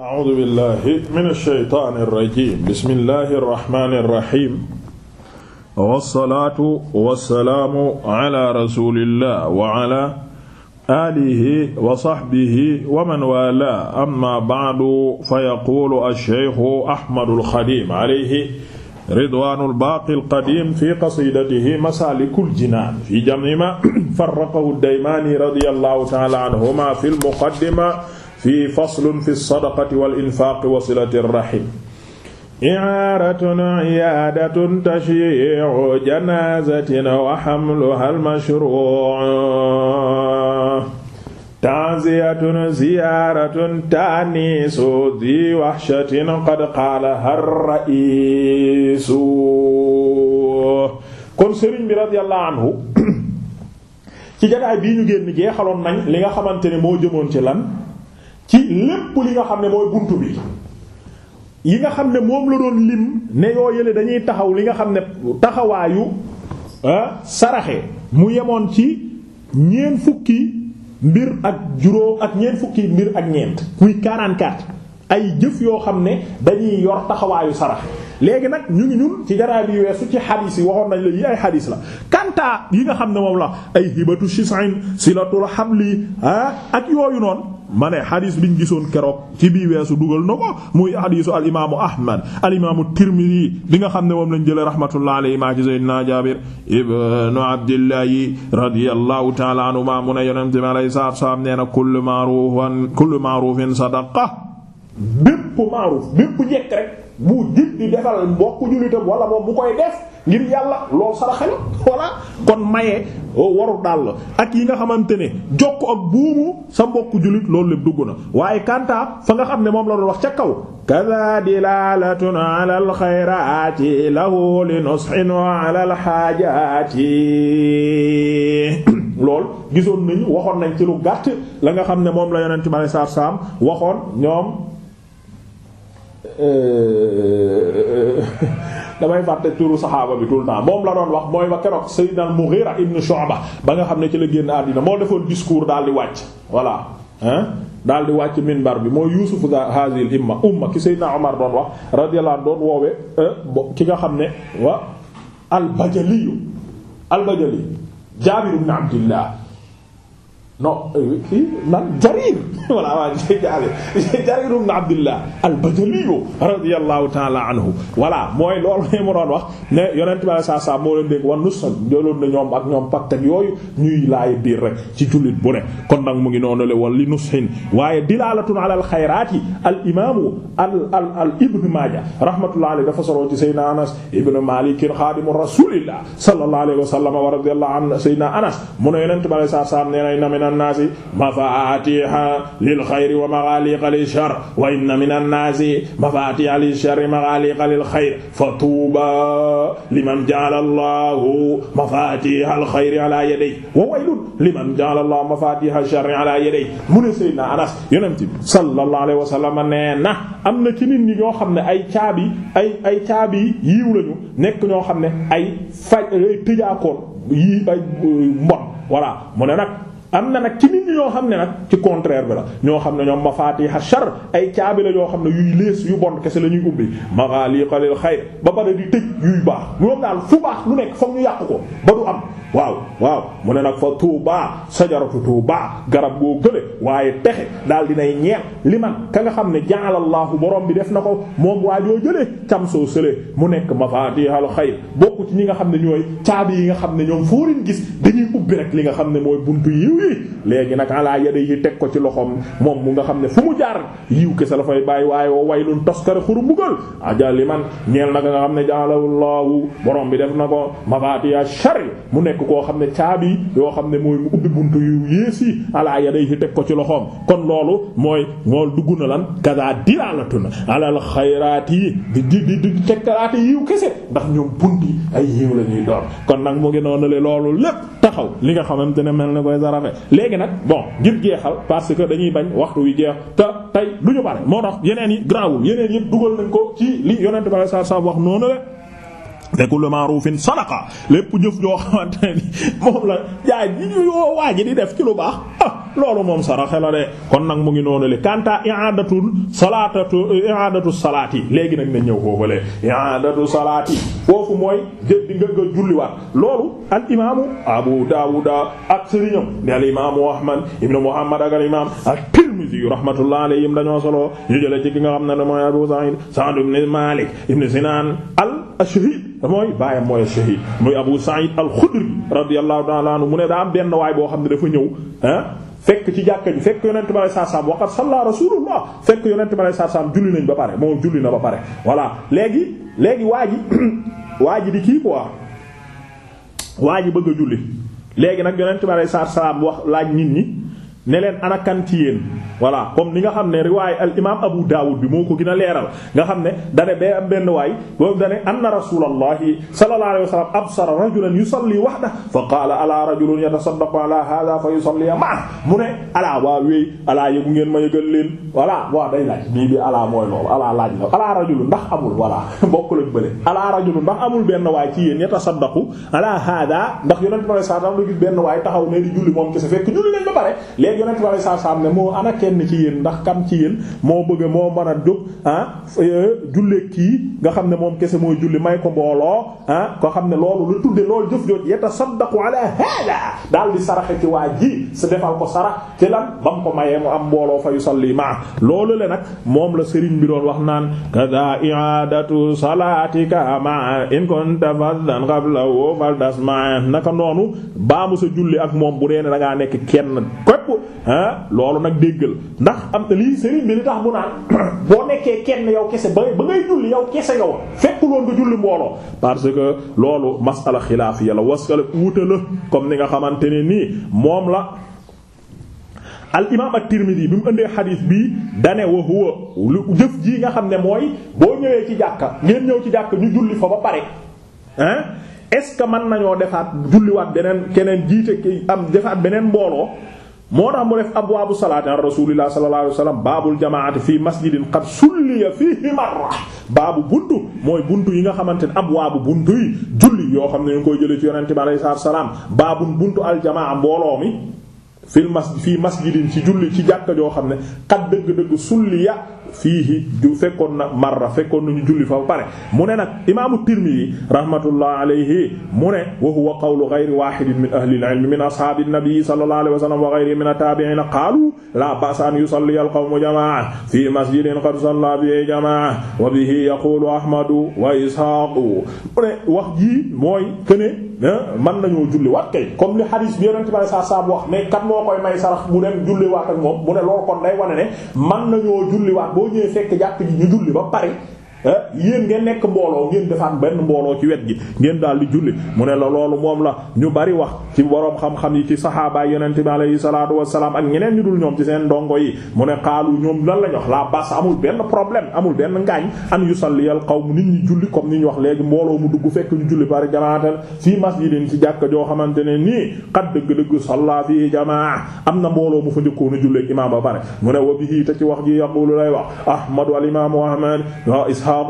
a'uuzu billaahi mina shaytaani rajiim bismillaahi rahmaani rahiim wassalaatu wassalaamu ala rasuulillaah wa ala aalihi wa sahbihi wa man waalaahu ammaa ba'du fa yaquulu ash-shaykhu Ahmadul Xadiim alayhi ridwaanul baaqil qadiim fi qasiidatihi masaalikul jinaan fi jam'i maa farraqahu ad-Daymaani radiyallahu ta'aala anhumaa fil muqaddima fi faslun fi sadaqati wal infaaqi wa silatir rahiim. i'aaratun iyaadatun tashyii'u janaazatin wa hamluhaa al-mashruu'u tanziyatun ziyaaratun taaniisu di wahshatin qad qaalaha ar-ra'i kon sëriñ bi radiyallahu anhu ci jataay bii ñu génn jeexaloon nañ li nga xamante ne moo jëmoon ci lan ci lépp li nga xam ne mooy buntu bi yi nga xam ne moom la doon lim ne yoo yële dañuy taxaw li nga xam ne taxawaayu ah, saraxe mu yemoon ci ñeent fukki mbir ak juróom ak ñeent fukki mbir ak ñeent muy 44 ay jëf yoo xam ne dañuy yor taxawaayu saraxe léegi nag ñu ngi ñun ci jaraay bi weesu ci xadiis yi waxoon nañ la ay xadiis la kanta yi nga xam ne moom la ay hibatu shisin silatul hamli ah ak yooyu noonu ma ne xadiis biñ gisoon keroog ci bii weesu dugal na ko muy xadiisu al imaamu ahmad al imaamu bi nga xam ne moom lañ jëlee rahmatullah alayhi ma ci sayyidina jabir ibnu abdillahi sadaqa bépp ma'ruf bépp jekk rek bu jib di defal mbokku jullitam wala moom bu koy def ngir yàlla lool saraxe la kon maye oh, waru daal la ak yi nga xamante ne jokk ak buumu sa mbokku jullit loolu lépp dugg na waaye kanta fa nga xam ne moom la doon wax ca kaw kada dilalatun ala alxayrati lahu li nusxin wa ala alxaajati lool gisoon nañu waxoon nañ ci lu gàtt la nga xam ne moom la yonent ci sallallahu alayhi wasallam waxoon ñoom Euh, euh, euh, damay fàtte turu saxaaba bi tout le moom la doon wax mooy ba keroog Sayyidna al-Mughira ibn Shu'ba ba nga xam ne ci la génn àddina moo defoon discours daal di wàcc voilà hein daal di wàcc minbar bi mooy yuusufu hazil imma umma ki Sayyidna Umar doon wax radiyallahu doon woowe ki nga xam ne wa al-Bajali al-Bajali Jaabir non euh, kii nan jarir voilà waa jarir jarir ibn abdillah albajaliyu radiallahu taala anhu voilà mooy loolu ne mu doon wax ne yonent bi saa saa moo leen dégg wan nus nag jëloon na ñoom ak ñoom pacte yooyu ñuy laay biir rek ci jullit bu ne kon nag mu ngi noonu le wal li nushin waaye dilaalatun ala al xayraati al imaamu al al al ibn maaja rahmatullahi alayhi dafa soroo ci saydna anas ibn malik xaadimu rasulillah sallallahu alayhi wa anas mu ne yonent bi saa saa nee na an-naasi mafaatiha lil xayri wa maghaliqa lil shar wa inna min an-naasi mafaatiha lil shar maghaliqa lil xayr fa tuuba liman ja'ala Allahu mafaatiha al xayri ala yadayhi wa waylun liman ja'ala Allahu mafaatiha ash-sharri ala yadayhi mu ne Seydina Anas yonent bi sallallahu alayhi wa sallam nee na am na ci nit ñi ñoo xam ne ay caabi ay ay caabi yiiw lañu nekk ñoo xam ne ay faj ay tëjaakoon yii ay mbon voilà mu ne nag am na nag ci nit ñi ñoo xam ne nag ci contraire bi la ñoo xam ne ñoom mafaatiha shar ay caabi la yoo xam ne yuy lees yu bon kese la ñuy ubbi maghaliqa lil xayr ba pare di tëj yuy baax ñoom daal fu baax lu nekk foog ñu yàq ko ba am waaw waaw mu ne nag fa tuuba sajaratu tuuba garab goo gële waaye pexe daal dinay ñeel li man ka nga xam ne jaalallahu borom bi def na ko moom waajoo jëlee cam soo sëlee mu nekk mafaatihal xayr bokk ci ñi nga xam ne ñooy caabi yi nga xam ne ñoom foo leen gis dañuy ubbi rek li nga xam ne mooy buntu yiw yi léegi nag alaa yade yi teg ko ci loxoom moom mu nga xam ne fu mu jaar yiw kese la fay bàyyi waaye woo waylun toskare xuru mbugal ajali man ñeel nag nga xam ne jaalawullahu borom bi def na ko mafatiya shari mu nekk koo xam ne caabi yoo xam ne mooy mu ubbi buntu yiw yées yi alaa yade yi teg ko ci loxoom kon loolu mooy mool dugg na lan kasaa dilaalatun alal xayraat yi di di di tekkalaate yiw kese ndax ñoom bunti ay yiw la ñuy doon kon nag mu ngi loolu lépp taxaw li nga xamante ne mel na koy zarafe léegi nag bon ngir jeexal parce que dañuy bañ waxtu wi jeex te tey du ñu bare moo tax yeneen yi grawul yeneen yëpp dugal nañ ko ci li yonent bi sallallahu alayhi wasallam wax noonu la te kullu ma'rufin sadaqa lépp jëf joo xamante ne moom la jaay ñi ñu yoo waaji di def ci lu baax ah, loolu moom saraxe la de kon nag mu ngi noonu le kanta i'adatul salaatatu i'adatu salaati léegi nag na ñëw foofu le i'adatu salaati foofu mooy jëddi nga nga julliwaat loolu al imaamu abu daawuda ak sëriñam di al imaamu ahmad ibnu muhammad ak al imaam Tirmidhi rahmatullah alayhim dañoo solo ñu jëlee ci ki nga xam ne mooy Abu Sa'id Sa'd ibn Malik ibn Sinan al-Shahid mooy baayam mooy al-Shahid muy Abu Sa'id al-Khudri radiyallahu ta'ala anhu mu ne daa am benn waay boo xam ne dafa ñëw ah, fekk ci jàkka ji fekk yonent bi saa saam waqat salla rasulullah fekk yonent bi saa saam julli nañ ba pare moom julli na ba pare voilà léegi léegi waa ji waa ji di kii quoi waa ji bëgg a julli léegi nag yonent bi saa saam wax laaj nit ñi ne leen anakan ci yéen. voilà comme ni nga xam ne riwaay al imaam Abu Dawud bi moo ko gën a leeral nga xam ne dane bee benn waay boobu dane anna rasulallahi sallallahu alayhi wa sallam absara rajulan yusalli wahdahu fa qaala alaa rajulun yatasaddaqu ala hadha fa yusalli ma'ahu mu ne alaa waa wéy alaa yëgu ngeen ma yëgal leen voilà waaw day laaj bii bi alaa mooy loolu alaa laaj la alaa rajulun ndax amul voilà bokk lañ bële amul benn waay ci yéen yatasaddaqu ala hadha bi sallallahu alayhi benn waay taxaw ne di julli moom kese fekk julli lañ ba pare léegi yonent bi sallallahu alayhi wa sallam ne moo ana kenn ci yéen ndax kam ci moo bëgg moo mën a jóg ah euh, jullee kii nga xam ne moom kese mooy julli may ko mbooloo ah ko xam ne loolu lu tudde loolu jëf jooj yatasaddaqu daal di saraxe waa ji sa defal ko sarax ci lan ba mu am mbooloo fa yusalli ma loolu nag moom la sëriñ bi doon wax naan kada i'adatu salatika ma in kunta faddan qabla wa faldas ma naka noonu baamu sa julli ak moom bu dee ne da ngaa nekk kenn ah loolu nag déggal ndax am na lii sëriñ bi li tax bu naan boo nekkee kenn yow kese ba ba ngay julli yow kese yow fekkuloon nga julli mbooloo parce que loolu masala xilaaf yàlla wasala wuute la comme ni nga xamante ne nii moom la. al imaam at-Tirmidhi bi mu ëndee xadiis bii dane wa huwa lu jëf jii nga xam ne mooy boo ñëwee ci jàkka ngeen ñëw ci jàkka ñu julli fa ba pare hein est-ce que mën nañoo defaat julliwaat beneen keneen jiite am defaat beneen mbooloo moo tax mu def abwaabu salaati an rasulillah sallallahu alayhi wasallam baabul jamaati fii masjidin qad sulliya fihi marra baabu buntu mooy buntu yi nga xamante ne abwaabu buntu yi julli yoo xam ne ñu ngi koy jëlee ci yonente bi alayhi salaam baabun buntu aljamaa mbooloo mi fil mas fii masjidin ci julli ci jàkka joo xam ne xat dëgg-dëgg sulli ya fii ju fekkoon na marra fekkoon nañu julli fa pare mu ne nag imaamu Tirmidhi rahmatullah alayhi mu ne wa huwa qawlu ghayri wahidin min ahli al-ilm min ashaabi an-nabi sallallahu alayhi wa sallam wa ghayrihi min at-tabi'in qaalu la ba'sa an yusalli al-qawmu jama'a fi masjidin qad salla bihi jama'a wa bihi yaqulu Ahmadu wa Ishaqu mu ne wax ji mooy këne man nañoo julliwaat kay comme li xadis bi yonent bi saa saa wax ne kat moo koy may sarax mu dem julliwaat ak moom mu ne loolu kon day wane ne man nañoo julliwaat boo ñëwee fekk jàkk ji ñu julli ba pare Eh, yéen ngeen nekk mbooloo ngeen defaat benn mbooloo ci wet gi ngeen daal di julli mu ne la loolu moom la ñu bari wax ci boroom xam-xam yi ci saxaabaay yonent bi alayhi salaatu wassalaam ak ñeneen ñu dul ñoom seen ndongo yi mu ne xaalu ñoom lan lañ wax la bas amul benn problème amul benn ngaañ an yusalliyal qawm nit ñi julli comme ni ñu wax léegi mbooloo mu dugg fekk ñu julli par jamaatal fii masjidin ci jàkka joo xamante ne nii xat dëgg-dëgg salla fii jamaa am na mbooloo mu fa njëkkoon a julleeg imaam ba pare mu ne wa bihi ci wax ji yaqulu lay wax ahmadu al Ishaaq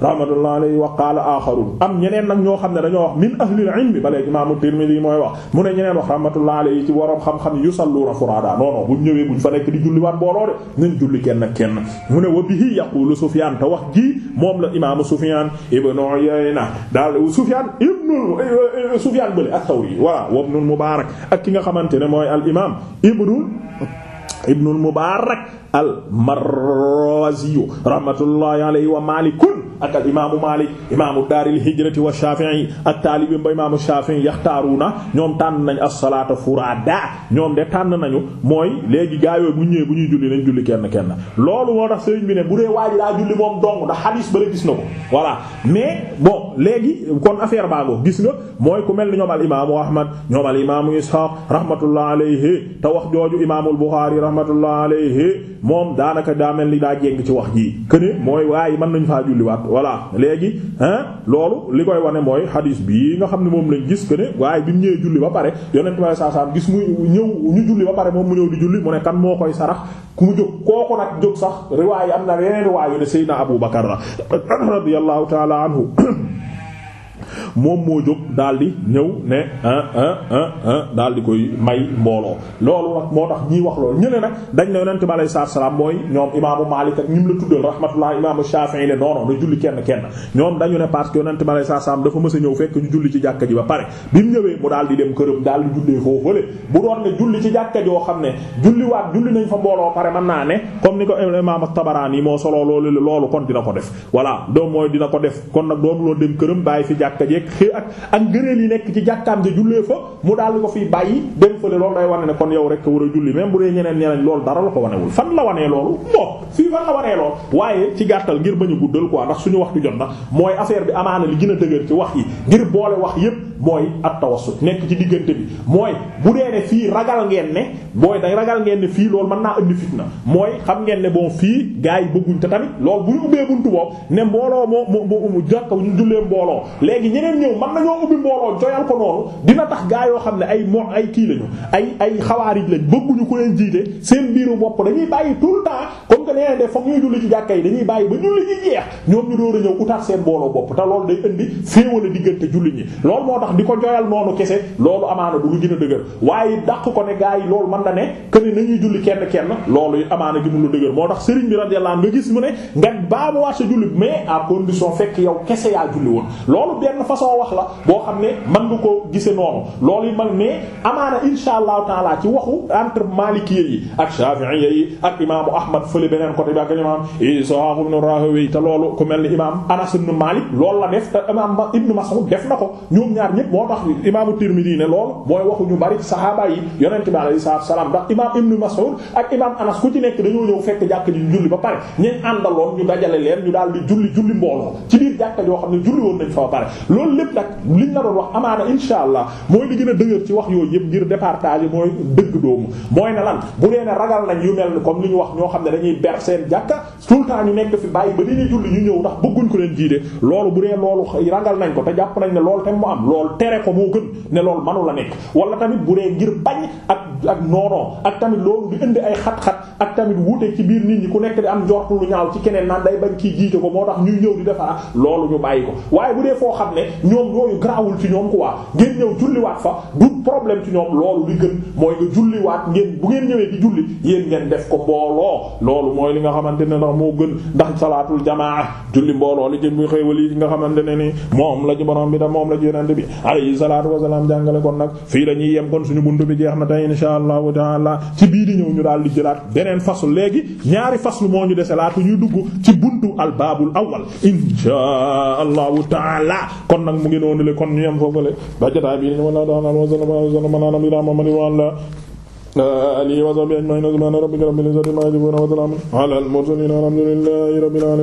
ak wa qaala aaxarun am ñeneen nag ñoo xam ne dañoo wax min ahlil ilmi ba léegi imaam Tirmidhi mooy wax mu ne ñeneen wax rahmatullahi alayhi ci waroom xam-xam yusalluuna furaada non non buñ ñëwee buñ fa nekk di julli waat booloo de nañ julli kenn kenn mu ne wa bihi yaqulu Sufyaan te wax ji moom la imaamu Sufyaan ibn Uyayna eh, eh, bële ak Sawri wa Mubaarak ak ki nga xamante ne mooy al imaam ibnul Mubaarak al Marwaziyu rahmatullahi alayhi wa Maalikun ak al imaamu Maalik imaamu daaril hijrati wa Shaafi'i ak taalibi ba imaamu Shaafi'i yaxtaaruuna ñoom tànn nañ as-salaata furaada ñoom de tànn nañu mooy léegi gaa yooyu bu ñëwee bu ñuy julli nañ julli kenn kenn loolu moo tax sëriñ bi ne bu dee waa ji daa julli moom dong ndax xadiis ba la gis na ko voilà mais bon léegi kon affaire baa ngo gis nga mooy ku mel ni ñoom al imaamu Ahmad ñoom al imaamu Ishaaq rahmatullahi alayhi wax jooju rahmatullah alayhi moom daanaka daa mel ni daa jéng ci wax ji këne mooy waaye mën nañu faa julliwaat voilà léegi hein loolu li koy wane mooy xadiis bii nga xam ne moom lañ gis këne waaye bi mu ñëwee julli ba pare yonent bi saa gis mu ñëw ñu julli ba pare moom mu ñëw di julli mu ne kan moo koy sarax ku mu jóg kooku nag jóg sax riwaay am na yeneen riwaay yu ne Seydina Abu Bakar la radiyallahu ta'ala anhu moom moo jóg daal di ñëw ne ah ah ah ah daal di koy may mbooloo loolu nag moo tax ñii wax loolu ñu ne nag dañ ne yonent bi alayhi salaam mooy ñoom imaamu Maalik ak ñim la tuddal rahmatullah imaamu Shaafi'i ne non non du julli kenn kenn ñoom dañu ne parce que yonent bi alayhi salaam dafa mës a ñëw fekk ñu julli ci jàkka ji ba pare bi mu ñëwee mu daal di dem këram daal di jullee foofale bu doon ne julli ci jàkka joo xam ne julliwaat julli nañ fa mbooloo pare mën naa ne comme ni ko imaam Tabaraani moo solo loolu loolu kon dina ko def voilà doom mooy ko def kon nag doom loolu dem këram bàyyi fi jàkka ji yeeg ak ak ngëneel yi nekk ci jàkkaam ja jullee fa mu daal ko fiy bàyyi dem fële loolu day wane ne kon yow rek war a julli même bu dee ñeneen ñeneen loolu dara la ko wanewul fan la wanee loolu bon fii fan la wanee loolu waaye ci gàttal ngir bañ a guddal quoi ndax suñu waxtu jot na mooy affaire bi amaana li gën a dëgër ci wax yi ngir boole wax yépp mooy at tawassut nekk ci diggante bi mooy bu dee ne fii ragal ngeen ne booy da ragal ngeen ne fii lool man naa indi fitna mooy xam ngeen ne bon fii gars yi bëgguñ te tamit loolu bu ñu ne mbooloo moo moo jàkka ñu jullee mbooloo léegi ñëw ñëw man nañoo ubbi mbooloo joyal ko noonu dina tax gaa yoo xam ne ay mo ay kii lañu ay ay xawaarij lañ bëgguñu ku leen jiite seen biiru bopp dañuy bàyyi tout le temps comme que nee def foog ñuy julli ci jàkka yi dañuy bàyyi ba julli ñi jeex ñoom ñu door a ñëw utaat seen mbooloo bopp te loolu day indi féewale diggante julli ñi loolu moo tax di ko joyal noonu kese loolu amaana du lu gën a dëgër waaye dàq ko ne gaa yi loolu mën na ne que ne nañuy julli kenn kenn loolu amaana gi mu lu dëgër moo tax sëriñ bi radiyallahu nga gis mu ne nga baa mu wàcce julli mais à condition fekk yow kese yaa julli woon loolu benn façon façon wax la boo xam ne man nga ko gise noonu loolu yi man mais amaana insha allahu taala ci waxu entre maliki yi ak shafi'i yi ak imaamu ahmad fële beneen côté bi ak imam Ishaq ibn Rahowi ku mel ni imam Anas ibn Malik la def te imam na ko ñoom ñaar ñëpp moo tax imaamu Tirmidhi ne loolu mooy waxu ñu bari sahaaba yi yonent bi alayhi salaam ndax imam ibn Mas'ud ak imam Anas ku ci nekk dañoo ñëw fekk jàkk ji julli ba pare ñeen àndaloon ñu dajale leen ñu daal di julli julli mbooloo ci biir jàkk joo xam ne julli woon loolu lépp nag liñ la doon wax amaana insha allah mooy li gën a dëgër ci wax yooyu yëpp ngir départage mooy dëgg doomu mooy ne lan bu dee ne ragal nañ yu mel comme li ñu wax ñoo xam ne dañuy ber seen jàkka tout ñu nekk fi bàyyi ba dañuy julli ñu ñëw ndax bëgguñ ko leen jiite loolu bu dee loolu ragal nañ ko te jàpp nañ ne loolu tam mu am loolu tere ko moo gën ne loolu manu la nekk wala tamit bu dee ngir bañ ak ak noonoo ak tamit loolu di indi ay xat-xat ak tamit wuute ci biir nit ñi ku nekk di am njort lu ñaaw ci keneen naan day bañ kii jiite ko moo tax ñuy ñëw di defara loolu ñu bàyyi ko waaye ñoom yooyu garaawul ci ñoom quoi ngeen ñëw julliwaat fa du problème ci ñoom loolu li gën mooy nga julliwaat ngeen bu ngeen ñëwee di julli yéen ngeen def ko mbooloo loolu mooy li nga xamante ne ndax moo gën ndax salaatul jamaa julli mbooloo li jëm muy xéewal yi nga xamante ne ni moom la ci borom bi da moom la ci yonent bi alayhi salaatu wasalaam jàngale kon nag fii la ñuy yem kon suñu bunt bi jeex na tey insha allahu taala ci bii di ñëw ñu daal di jëlaat beneen faslu léegi ñaari faslu moo ñu dese laatu ñuy dugg buntu al baabul awwal insha nag mu ngi noonu le kon ñu yem foofale ba jotaay bi ñu wala daan wa sallallahu alayhi wa sallam ala nabiyina muhammadin wa ala alihi wa sahbihi ajma'in subhana rabbika rabbil izzati amma yasifun wa salamun ala al